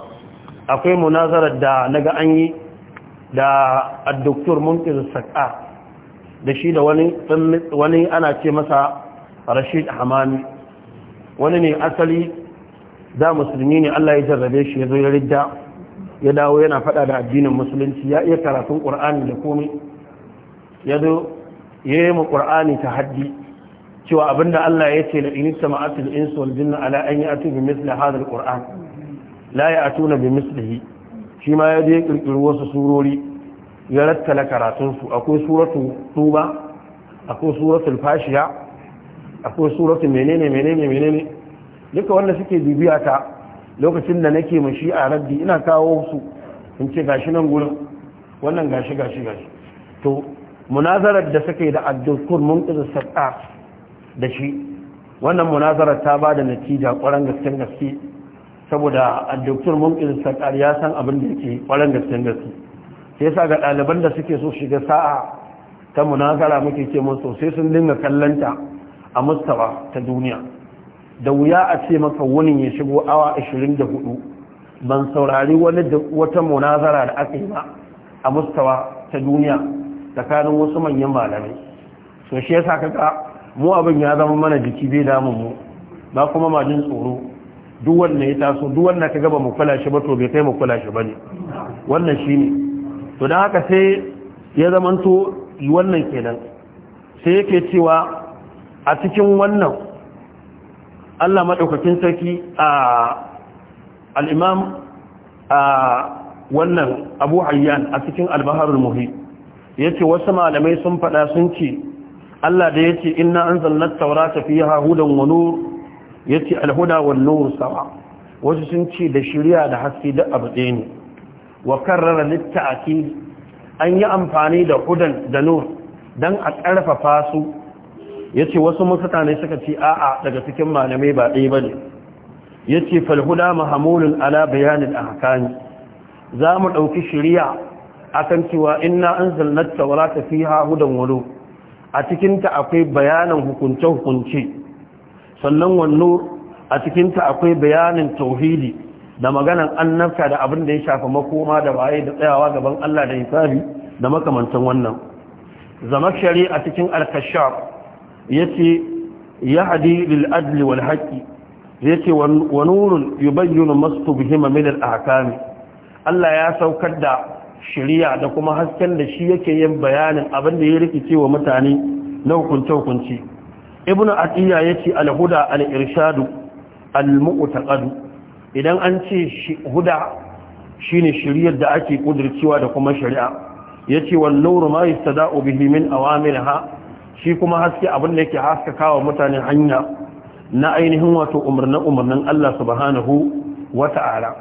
akwai munazarar da naga an yi da addoktor Munkir saƙa da shi da wani ana ce masa rashid Hamani wani ne asali za musulmi ne allah ya jarrabe shi ya zo ya ridda ya dawo yana fada da addinin musulunci ya iya karatun ƙur'ani da komai ya zo ya yi ma ƙur'ani ta haddi cewa abinda allah ya ce da inista ma'atul insu wal jinna ala an yi atu bi misli hadal ƙur'an la ya atu na bi mislihi shi ma ya je ƙirƙiri wasu surori ya rattala karatunsu akwai suratun tuba akwai suratun fashiya akwai suratun menene menene menene duka wanda suke bibiya ta lokacin da nake mashi a raddi ina kawo su in ce gashi nan gurin wannan gashi gashi gashi to munazarar da suke da addurkur mun ƙi sadda da shi wannan munazarar ta ba da natija ƙwarar gaske gaske saboda a doktor mumkin sakar ya san abin da yake kwaran gaskiyar gaske sai sa ga ɗaliban da suke so shiga sa'a ta munazara muke ce mun sosai sun dinga kallanta a mustawa ta duniya da wuya a ce maka wani ya shigo awa 24 ban saurari wani wata munazara da aka yi ba a mustawa ta duniya tsakanin wasu manyan malamai so shi sa kaka mu abin ya zama mana jiki bai damun mu ba kuma majin tsoro duk wanda ya taso duk wanda ka gaba mu kula shi ba to bai kai mu kula shi bane wannan shine to dan haka sai ya zamanto wannan kenan sai yake cewa a cikin wannan Allah madaukakin sarki a al-imam a wannan Abu Hayyan a cikin al-Baharul Muhit yace wasu malamai sun faɗa sun ce Allah da yace inna anzalna at-taurata fiha hudan wa nur yace alhuda wan nur sama. wasu sun ce da shiriya da haske da abu ɗaya ne wa karrara litta'kid an yi amfani da hudan da nur dan a ƙarfafa su yace wasu mutane suka ce a'a daga cikin malamai ba ɗaya bane yace falhuda mahamulun ala bayanin ahkam za mu ɗauki shiriya. akan cewa inna anzalna at fiha hudan wani. a cikinta akwai bayanan hukunce-hukunce sannan wannan a cikinta akwai bayanin tauhidi da maganan annabta da abin da ya shafa makoma da waye da tsayawa gaban Allah da hisabi da makamantan wannan zama shari'a cikin al-kashaf yace yahdi lil adli wal haqqi yace wa nurun yubayyinu mastubihima min al-ahkam Allah ya saukar da shari'a da kuma hasken da shi yake yin bayanin abin da ya rikice wa mutane na hukunce hukunce ibnu atiya yace al-huda al-irshadu al-mu'taqad idan an ce huda shine shiriyar da ake kudircewa da kuma shari'a yace wan nuru ma yastada'u bihi min awamirha shi kuma haske abin da yake haskakawa mutane hanya na ainihin wato umarnin umarnin Allah subhanahu wata'ala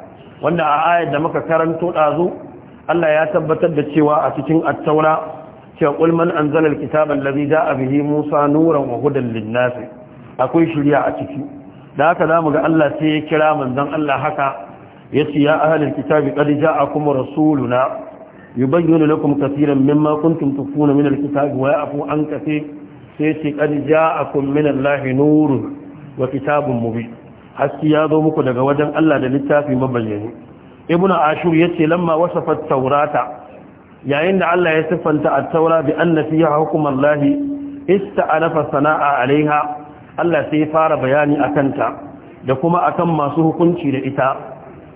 wanda a ayar da muka karanto dazu Allah ya tabbatar da cewa a cikin at-taura cewa ƙulman an zanar kitaban labi za a bihi musa nuran wa hudan linnasi akwai shirya a ciki da haka za mu ga allah sai ya kira manzan allah haka ya ce ya ahalin kitabi ƙadi ja a kuma rasuluna bayyana lakum kafiran mimma kuntum tufuna min alkitabi wa ya'fu an kafi sai ce ƙadi a kun min allahi nurun wa kitabun mubin haske ya zo muku daga wajen allah da littafi mabayyani ibnu ashur yace lamma wasafat taurata yayin da Allah ya siffanta a taura bi anna fiha hukmullahi ista'alafa sana'a alaiha Allah sai fara bayani a kanta, da kuma akan masu hukunci da ita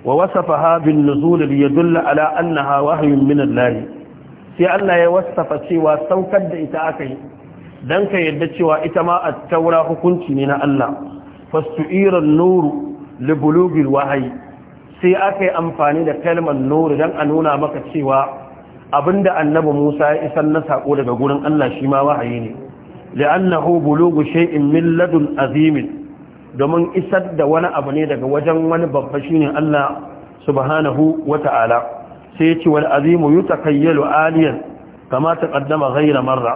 wa wasafaha bin nuzul dulla yadulla ala annaha wahyun min Allah sai Allah ya wasafa cewa saukar da ita aka yi. dan ka yadda cewa ita ma at-taura hukunci ne na Allah fastu'ira an-nuru li bulugil wahyi sai aka yi amfani da kalmar nuru dan a nuna maka cewa abinda annabi Musa ya isar na sako daga gurin Allah shi ma wahayi ne li'annahu bulugu shay'in min ladun azim domin isar da wani abu ne daga wajen wani babba shine Allah subhanahu wata'ala sai yace wal azimu yutakayyalu aliyan kama taqaddama ghayra marra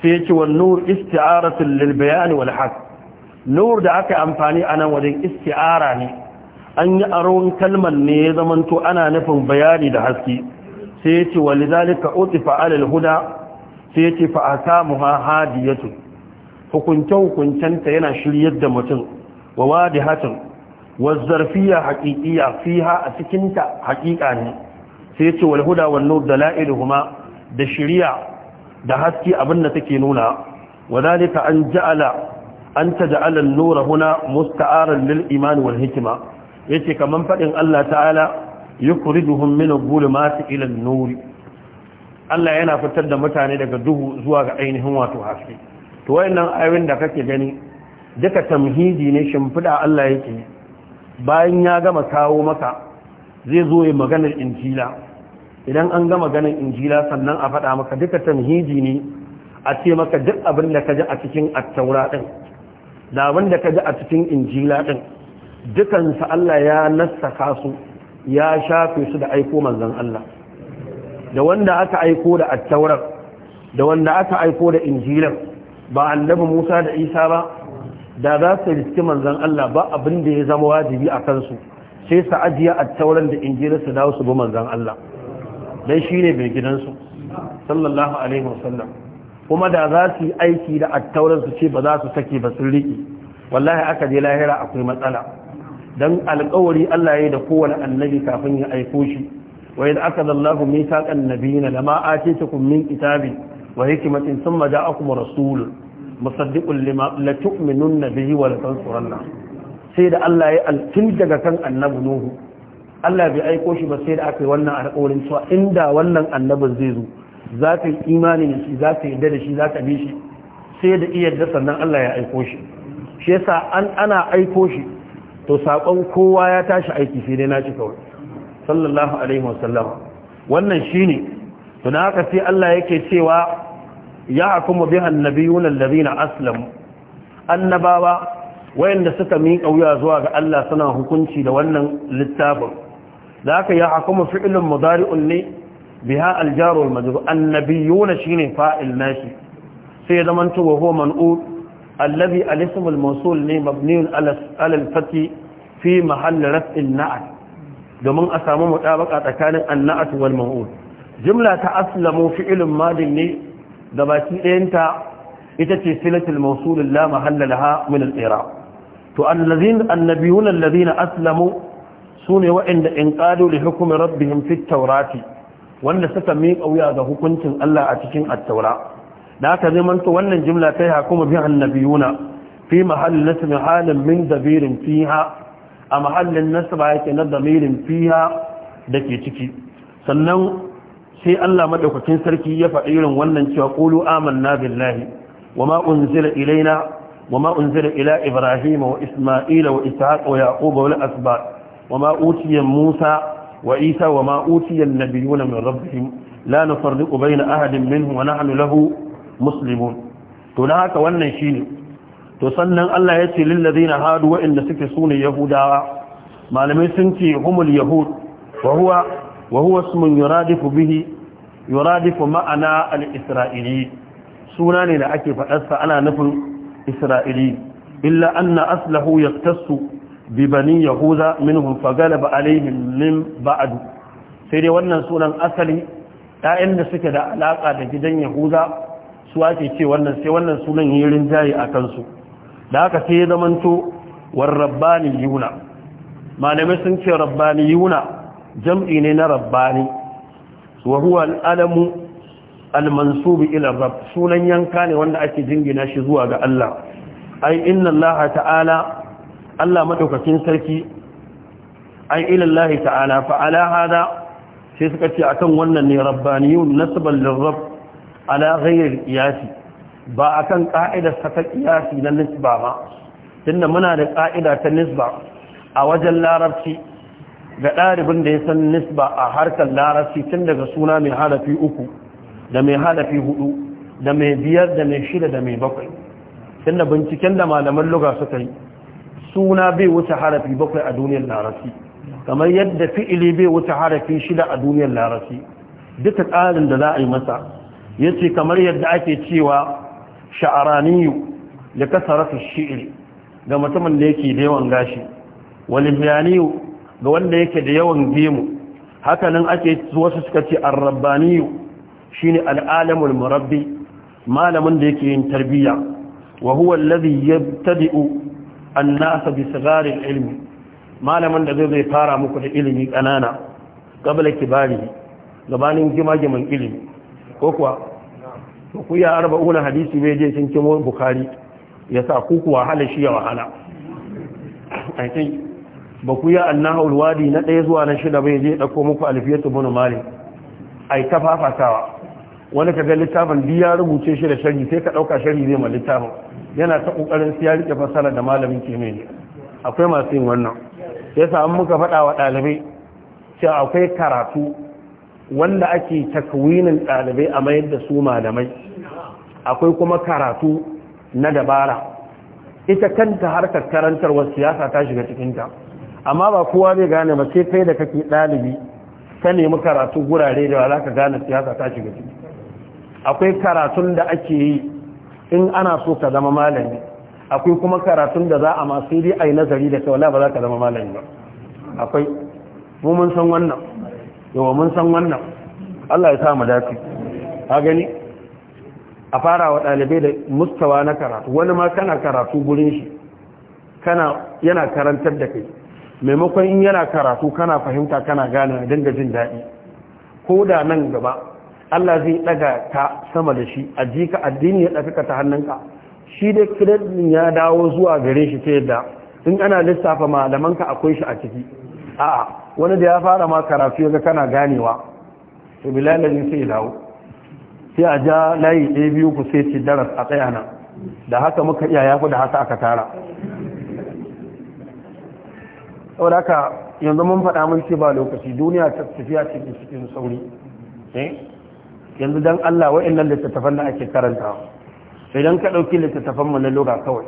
sai yace wan nur isti'aratu lil bayan wal haq nur da aka amfani anan wajen isti'ara ne an yi aron kalmar ne ya zamanto ana nufin bayani da haske sai yace walizalika utifa alal huda sai yace fa asamuha hadiyatu hukunce hukuncenta yana shiryar da mutum wa wadihatun wa zarfiyya haqiqiyya fiha a cikin ta ne sai ce wal huda wan nur da shiriya da haske abin da take nuna wadalika an ja'ala an taj'ala an-nura huna musta'arar lil imani wal hikima yace kaman faɗin Allah ta'ala yukhrijuhum min adh-dhulumati ila an-nur Allah yana fitar da mutane daga duhu zuwa ga ainihin wato haske to wayannan ayoyin da kake gani duka tamhidi ne shimfida Allah yake bayan ya gama kawo maka zai zo ya magana injila idan an gama ganin injila sannan a faɗa maka duka tamhidi ne a ce maka duk abin da ka ji a cikin attaura ɗin da abin da ka ji a cikin injila ɗin dukansu Allah ya nassaka su ya shafe su da aiko manzan Allah da wanda aka aiko da attaurar da wanda aka aiko da injilan ba annabi Musa da Isa ba da za su riski manzan Allah ba abin da ya zama wajibi a kansu sai su ajiye attauran da injilan su dawo su bi manzan Allah dan shine bai gidansu sallallahu alaihi wasallam kuma da za su yi aiki da attauran su ce ba za su sake ba sun riki wallahi aka je lahira akwai matsala dan alƙawari Allah ya da kowane annabi kafin ya aiko shi wa idh akada Allahu mithaqan nabiyina lama atitukum min kitabi wa hikmatin thumma ja'akum rasulun musaddiqun lima la tu'minunna bihi wa la tansuranna sai da Allah ya alkin daga kan annabi Nuhu Allah bai aiko shi ba sai da aka yi wannan alƙawarin cewa inda wannan annabin zai zo za ka yi imani da shi za ka da shi za ka bi shi sai da iya sannan Allah ya aiko shi shi yasa an ana aiko shi to saƙon kowa ya tashi aiki sai dai na ci kawai sallallahu alaihi wasallama wannan shine to na haka sai Allah yake cewa ya hukumu biha annabiyuna allazina aslamu annabawa wayanda suka miƙa wuya zuwa ga Allah suna hukunci da wannan littafin da haka ya hukumu fi'lun mudari'un ne biha aljaru almajrur annabiyuna shine fa'il nashi sai zamanto wa huwa man'ud allazi al-ism al ne mabniun ala al-fati fi mahall raf'i an domin a samu mutabaka tsakanin an-na'at wal jumla ta aslamu fi'lun madin ne da baki ɗayanta ita ce silatul mawsul la mahalla laha min al to allazina annabiyuna aslamu sune waɗanda inqadu li hukmi rabbihim fi at wanda suka miƙa wuya ga hukuncin Allah a cikin at da aka neman to wannan jimla ta yi hakuma bi annabiyuna fi mahallin nasb halin min dabirin fiha a mahallin nasba yake na damirin fiha ke ciki sannan sai Allah madaukakin sarki ya faɗi irin wannan cewa qulu amanna billahi wama unzila ilaina wama unzila ila ibrahima wa isma'ila wa ishaqa wa yaquba wal asbaq wa utiya musa وعيسى وما Nabiyuna النبيون من ربهم لا نفرق بين أحد منهم ونحن له muslimun to na haka wannan shine to sannan Allah ya ce lil na hadu wa inna suke sune yahudawa malamai sun ce humul yahud wa huwa wa huwa yuradifu bihi yuradifu ma'ana al-isra'ili suna ne da ake faɗarsa ana nufin isra'ili illa anna aslahu yaktasu bi bani yahuda minhum fagalaba alaihim min ba'd sai dai wannan sunan asali ɗayan da suke da alaka da gidan yahuda su ake ce wannan sai wannan sunan yi rinjaye a kansu da haka sai ya zamanto war rabbani yuna malamai sun ce rabbani yuna jam'i ne na rabbani wa huwa al'alamu al-mansubi ila rabb sunan yanka ne wanda ake jingina shi zuwa ga Allah ai inna Allah ta'ala Allah madaukakin sarki ai ila Allah ta'ala fa ala hada sai suka ce akan wannan ne rabbaniyun nasban lirrabb ala ghayr qiyasi ba akan ka'idar ta qiyasi na nisba ba tunda muna da ka'ida ta nisba a wajen larabci ga ɗalibin da ya san nisba a harkar larabci tun daga suna mai halafi uku da mai halafi hudu da mai biyar da mai shida da mai bakwai Tunda binciken da malaman luga suka yi suna bai wuce harafi bakwai a duniyar larabci. kamar yadda fi'ili bai wuce harafi shida a duniyar larabci duka tsarin da za a yi masa yace kamar yadda ake cewa sha'araniyu da kasaratu shi'ir ga mutumin da yake da yawan gashi wal ga wanda yake da yawan gemu haka nan ake wasu suka ce arrabbaniyu shi shine al'alamul murabbi malamin da yake yin tarbiyya wa huwa alladhi yabtadi'u an bi sighari ilmi malamin da zai fara muku da ilimi kanana qabla kibari gabanin gimagiman ilimi ko kuwa ku ya arba hadisi bai je cin kimo bukari ya sa ku kuwa hala shi ya wahala ai think ba ku ya annahu alwadi na ɗaya zuwa na shida bai je dauko muku alfiyatu bin mali. ai ta fafatawa wani ka ga littafin duk ya rubuce shi da sharri sai ka ɗauka sharri zai ma littafin yana ta kokarin siya rike fasara da malamin kimiyya akwai masu yin wannan sai sa an muka faɗa wa ɗalibai cewa akwai karatu wanda ake takwinin ɗalibai a mayar da su malamai akwai kuma karatu na dabara ita kanta harkar karantarwar siyasa ta shiga cikinta amma ba kowa zai gane ba sai kai da kake ɗalibi ka nemi karatu gurare da za ka gane siyasa ta shiga ciki akwai karatun da ake yi in ana so ka zama malami akwai kuma karatun da za a masu yi a yi nazari da kyau ba za ka zama malami ba akwai mu mun san wannan yawa mun san wannan Allah ya sa mu dace ka gani a farawa ɗalibai da mustawa na karatu wani ma kana karatu gurin shi kana yana karantar da kai maimakon in yana karatu kana fahimta kana gane dinga jin daɗi ko da nan gaba Allah zai ɗaga ka sama da shi a ka addini ya ɗafi ta hannunka shi dai kiredin ya dawo zuwa gare shi ta yadda in ana lissafa malamanka akwai shi a ciki a'a wani da ya fara ma karatu ya ga kana ganewa to bilalin sai ya dawo sai a ja layi ɗaya biyu ku sai ce daras a tsaya nan da haka muka iya yafi da haka aka tara saboda haka yanzu mun faɗa mun ce ba lokaci duniya ta tafiya cikin cikin sauri eh? yanzu dan Allah wa'annan littattafan da ake karanta idan ka ɗauki littattafan mu na lura kawai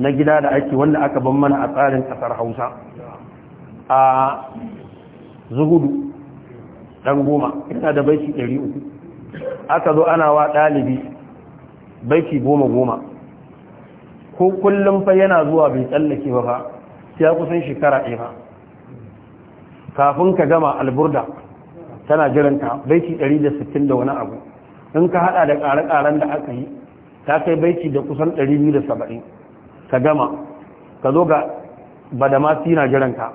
na gida da ake wanda aka ban mana a tsarin ƙasar Hausa a zuhudu dan goma yana da baiki ɗari uku aka zo ana wa ɗalibi baiki goma goma ko kullum fa yana zuwa bai tsallake ba fa sai ya kusan shekara ɗaya kafin ka gama alburda tana jiranta baiki ɗari da sittin da wani abu in ka haɗa da ƙare-ƙaren da aka yi ta kai baiki da kusan ɗari biyu da saba'in ka gama ka zo ga badamasi na jiranta.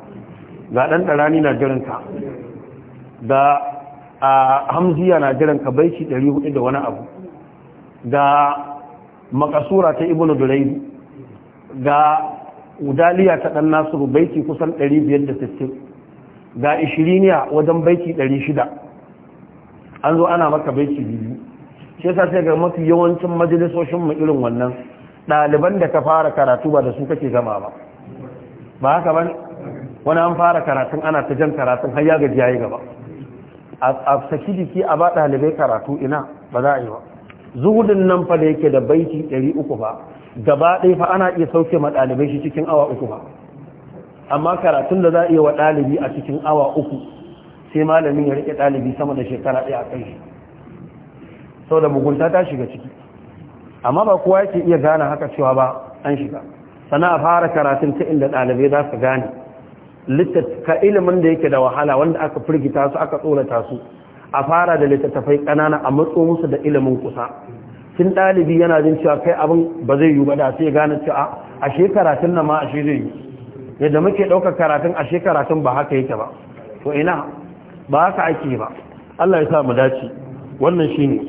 ga ɗan ɗarani na jiranka da a hamziya na jiranka baiki 400 da wani abu ga makasura ta ibnu duraini ga udaliya ta ɗan nasiru baiki kusan 560 ga ishiriniya wajen baiki 600 an zo ana maka baiki biyu shi yasa sai ga mafi yawancin majalisoshin mu irin wannan ɗaliban da ka fara karatu ba da su kake gama ba ba haka ba wani an fara karatun ana ta jan karatun har ya gaji yayi gaba a saki jiki a ba ɗalibai karatu ina ba za a yi ba zuhudin nan fa da yake da baiti uku ba gaba ɗaya fa ana iya sauke ma ɗalibai shi cikin awa uku ba amma karatun da za a iya wa ɗalibi a cikin awa uku sai malamin ya rike ɗalibi sama da shekara ɗaya a kai shi sau da mugunta ta shiga ciki amma ba kowa yake iya gane haka cewa ba an shiga sana a fara karatun ta inda ɗalibai za su gane littattafa ilimin da yake da wahala wanda aka firgita su aka tsorata su a fara da littattafai ƙanana a matso musu da ilimin kusa tun ɗalibi yana jin cewa kai abin ba zai yi ba da sai gane cewa a shekaratun na ma a shi zai yi yadda muke ɗaukar karatun a shekaratun ba haka yake ba to ina ba haka ake ba Allah ya sa mu dace wannan shi ne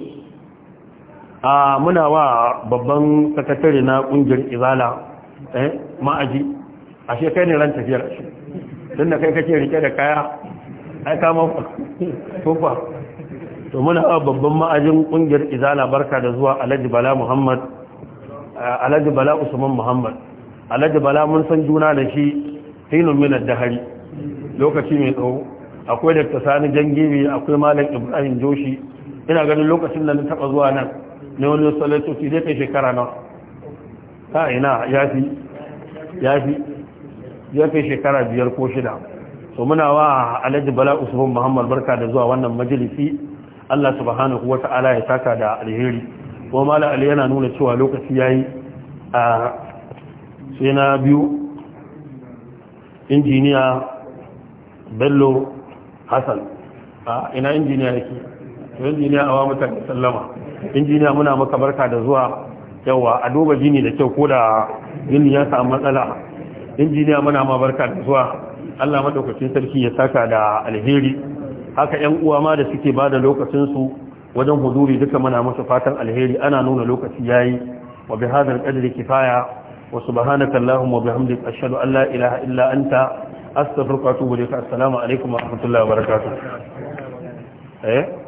a muna wa babban sakatare na ƙungiyar izala eh, ma'aji ashe kai ne ran tafiyar ashe tun da kai kake rike da kaya ai kama fufa to muna hawa babban ma'ajin kungiyar izala barka da zuwa alhaji bala muhammad eh, alhaji bala usman muhammad alhaji bala mun san juna da shi hinun minar dahari lokaci mai tsawo akwai da sani jangibi akwai malam ibrahim joshi ina ganin lokacin da na taba zuwa nan ne wani salatoci zai kai shekara na ha ina ya fi ya kai shekara biyar ko shida so muna wa alhaji bala usman muhammad barka da zuwa wannan majalisi allah subhanahu ta'ala ya saka da alheri kuma mala ali yana nuna cewa lokaci yayi a sai biyu injiniya bello hassan a ina injiniya yake injiniya awa mutane sallama injiniya muna maka barka da zuwa yawa a duba jini da kyau ko da jini ya samu matsala injiniya muna ma barka da zuwa Allah madaukakin sarki ya saka da alheri haka yan uwa ma da suke bada lokacin su wajen huduri duka muna musu fatan alheri ana nuna lokaci yayi wa bi hadal qadri kifaya wa subhanaka allahumma wa bihamdika ashhadu an la ilaha illa anta astaghfiruka wa atubu ilaik assalamu alaikum wa rahmatullahi wa barakatuh eh